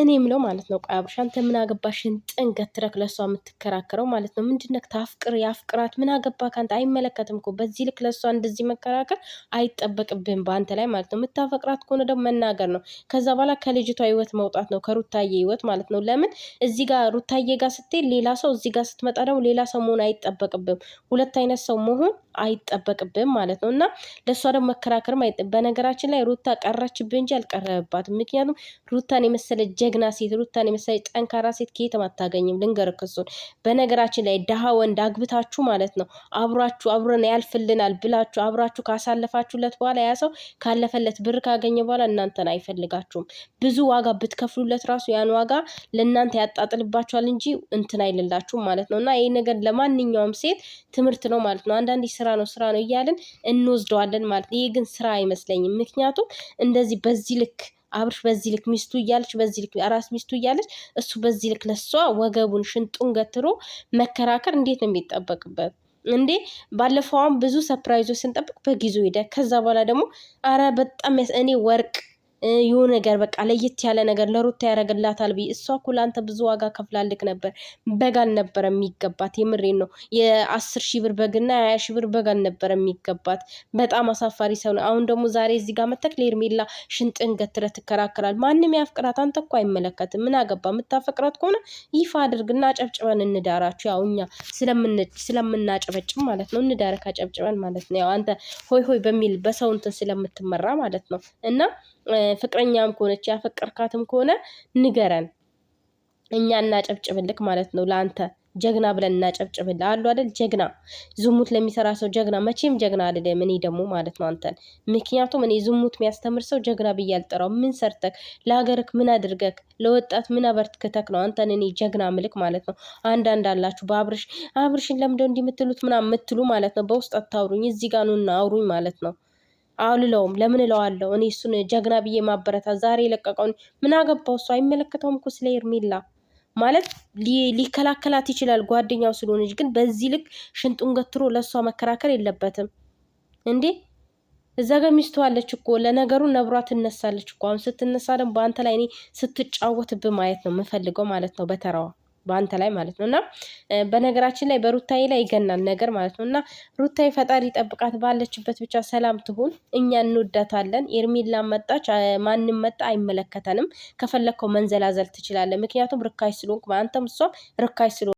እኔ የምለው ማለት ነው። ቆይ አብርሽ አንተ ምን አገባሽን ጥንገት ትረክ ለእሷ የምትከራከረው ማለት ነው። ምንድነክ ታፍቅር ያፍቅራት ምን አገባ ከአንተ አይመለከትም እኮ በዚህ ልክ ለእሷ እንደዚህ መከራከር አይጠበቅብህም በአንተ ላይ ማለት ነው። የምታፈቅራት ከሆነ ደግሞ መናገር ነው። ከዛ በኋላ ከልጅቷ ህይወት መውጣት ነው፣ ከሩታዬ ህይወት ማለት ነው። ለምን እዚህ ጋር ሩታዬ ጋር ስትሄድ ሌላ ሰው፣ እዚህ ጋር ስትመጣ ደግሞ ሌላ ሰው መሆን አይጠበቅብም። ሁለት አይነት ሰው መሆን አይጠበቅብም ማለት ነው። እና ለእሷ ደግሞ መከራከርም አይጠ በነገራችን ላይ ሩታ ቀረችብህ እንጂ አልቀረበባትም። ምክንያቱም ሩታን የመሰለ ጀግና ሴት፣ ሩታን የመሰለ ጠንካራ ሴት ከየትም አታገኝም። ልንገርክ በነገራችን ላይ ድሃ ወንድ አግብታችሁ ማለት ነው አብሯችሁ አብረን ያልፍልናል ብላችሁ አብራችሁ ካሳለፋችሁለት በኋላ ያ ሰው ካለፈለት ብር ካገኘ በኋላ እናንተን አይፈልጋችሁም። ብዙ ዋጋ ብትከፍሉለት ራሱ ያን ዋጋ ለእናንተ ያጣጥልባችኋል እንጂ እንትን አይልላችሁም ማለት ነው። እና ይህ ነገር ለማንኛውም ሴት ትምህርት ነው ማለት ነው። አንዳንድ ስራ ነው ስራ ነው እያለን እንወስደዋለን ማለት ነው። ይሄ ግን ስራ አይመስለኝም። ምክንያቱም እንደዚህ በዚህ ልክ አብርሽ በዚህ ልክ ሚስቱ እያለች በዚህ ልክ አራስ ሚስቱ እያለች እሱ በዚህ ልክ ለሷ ወገቡን ሽንጡን ገትሮ መከራከር እንዴት ነው የሚጠበቅበት? እንዴ ባለፈውም ብዙ ሰፕራይዞች ስንጠብቅ በጊዜው ሄደ። ከዛ በኋላ ደግሞ አረ በጣም እኔ ወርቅ ይሁን ነገር በቃ ለየት ያለ ነገር ለሩታ ያደርግላታል ብዬ እሷ እኮ ለአንተ ብዙ ዋጋ ከፍላልክ ነበር። በግ አልነበረ የሚገባት። የምሬን ነው። የአስር ሺህ ብር በግና የሀያ ሺህ ብር በግ አልነበረ የሚገባት። በጣም አሳፋሪ ሰው ነው። አሁን ደግሞ ዛሬ እዚህ ጋር መተክ ለኤርሜላ ሽንጥን ገትረ ትከራከራል። ማንም ያፍቅራት፣ አንተ እኮ አይመለከትም። ምን አገባ? የምታፈቅራት ከሆነ ይፋ አድርግና አጨብጭበን እንዳራችሁ። ያው እኛ ስለምናጨበጭም ማለት ነው። እንዳረክ አጨብጭበን ማለት ነው። ያው አንተ ሆይ ሆይ በሚል በሰው እንትን ስለምትመራ ማለት ነው እና ፍቅረኛም ከሆነች ያፈቀርካትም ከሆነ ንገረን፣ እኛ እናጨብጭብልክ ማለት ነው። ለአንተ ጀግና ብለን እናጨብጭብል አሉ አይደል? ጀግና ዝሙት ለሚሰራ ሰው ጀግና መቼም ጀግና አይደለም። እኔ ደግሞ ማለት ነው አንተን፣ ምክንያቱም እኔ ዝሙት የሚያስተምር ሰው ጀግና ብዬ አልጠራው። ምን ሰርተክ፣ ለሀገርክ ምን አድርገክ፣ ለወጣት ምን አበርክተክ ነው አንተን እኔ ጀግና ምልክ ማለት ነው። አንዳንድ አላችሁ በአብርሽ አብርሽን ለምደው እንዲምትሉት ምናምን ማለት ነው። በውስጥ አታውሩኝ፣ እዚህ ጋር ኑና አውሩኝ ማለት ነው። አልለውም። ለምን እለዋለሁ? እኔ እሱን ጀግና ብዬ ማበረታ ዛሬ የለቀቀውን ምን አገባው? እሱ አይመለከተውም እኮ ስለ ሄርሜላ ማለት ሊከላከላት ይችላል ጓደኛው ስለሆነች፣ ግን በዚህ ልክ ሽንጡን ገትሮ ለእሷ መከራከር የለበትም እንዴ። እዛ ጋር ሚስቱ አለች እኮ ለነገሩ ነብሯ ትነሳለች እኮ። አሁን ስትነሳ ደግሞ በአንተ ላይ እኔ ስትጫወትብ ማየት ነው የምፈልገው ማለት ነው በተራዋ በአንተ ላይ ማለት ነው እና በነገራችን ላይ በሩታዬ ላይ ይገናል ነገር ማለት ነው እና ሩታዬ ፈጣሪ ጠብቃት፣ ባለችበት ብቻ ሰላም ትሁን። እኛ እንወዳታለን። ኤርሜላ መጣች ማንም መጣ አይመለከተንም። ከፈለግከው መንዘላዘል ትችላለን። ምክንያቱም ርካሽ ስለሆንኩ አንተም እሷም ርካሽ ስለሆንኩ